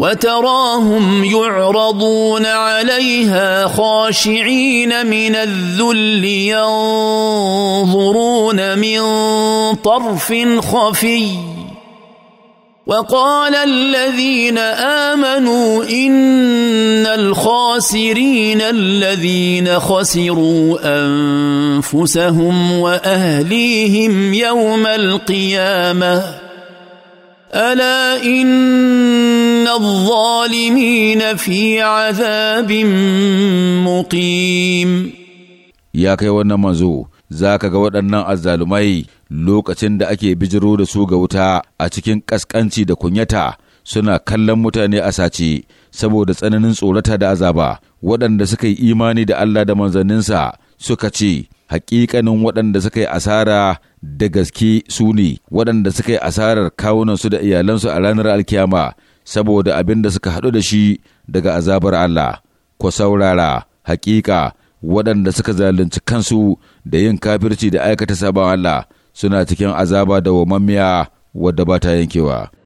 وتراهم يعرضون عليها خاشعين من الذل ينظرون من طرف خفي وقال الذين امنوا ان الخاسرين الذين خسروا انفسهم واهليهم يوم القيامه الا ان الظالمين في عذاب مقيم ya kai wannan manzo za ka ga waɗannan azzalumai lokacin da ake bijiro da su ga wuta a cikin ƙasƙanci da kunyata suna kallon mutane a sace saboda tsananin tsorata da azaba waɗanda suka yi imani da Allah da manzanninsa suka ce hakikanin waɗanda suka yi asara da gaske su ne waɗanda suka yi asarar kawunansu da iyalansu a ranar alkiyama saboda abin da suka haɗu da shi daga azabar Allah, ko saurara hakika waɗanda suka zalunci kansu da yin kafirci da aikata sabon Allah suna cikin azaba da wa wadda ba ta yankewa.